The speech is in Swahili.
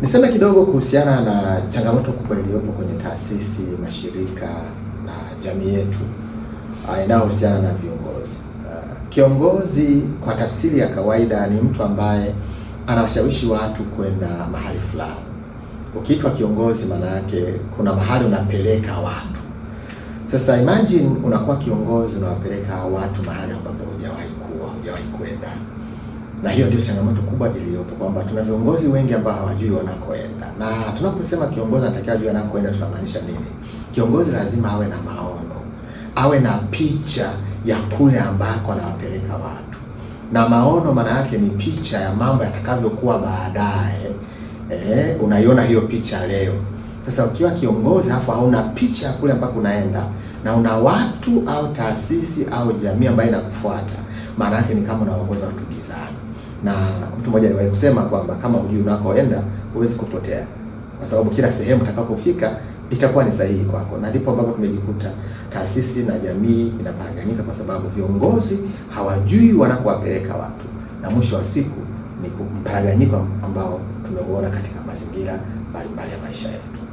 Niseme kidogo kuhusiana na changamoto kubwa iliyopo kwenye taasisi, mashirika na jamii yetu ah, inayohusiana na viongozi. Ah, kiongozi kwa tafsiri ya kawaida ni mtu ambaye anawashawishi watu kwenda mahali fulani. Ukiitwa kiongozi, maana yake kuna mahali unapeleka watu. Sasa imagine unakuwa kiongozi, unawapeleka watu mahali ambapo hujawahi kuwa, hujawahi kwenda na hiyo ndio changamoto kubwa iliyopo, kwamba tuna viongozi wengi ambao hawajui wanakoenda, na tunaposema kiongozi anatakiwa ajue anakoenda tunamaanisha nini? Kiongozi lazima awe na maono, awe na picha ya kule ambako anawapeleka watu, na maono maana yake ni picha ya mambo yatakavyokuwa baadaye. Eh, unaiona hiyo picha leo. Sasa ukiwa kiongozi halafu hauna picha ya kule ambako unaenda na una watu au taasisi au jamii ambayo inakufuata, maana yake ni kama unaongoza watu gizani na mtu mmoja aliwahi kusema kwamba kama hujui unakoenda huwezi kupotea, kwa sababu kila sehemu utakapofika itakuwa ni sahihi kwako, na ndipo ambapo tumejikuta taasisi na jamii inaparaganyika, kwa sababu viongozi hawajui wanakowapeleka watu, na mwisho wa siku ni mparaganyiko ambao tumeuona katika mazingira mbalimbali ya maisha yetu.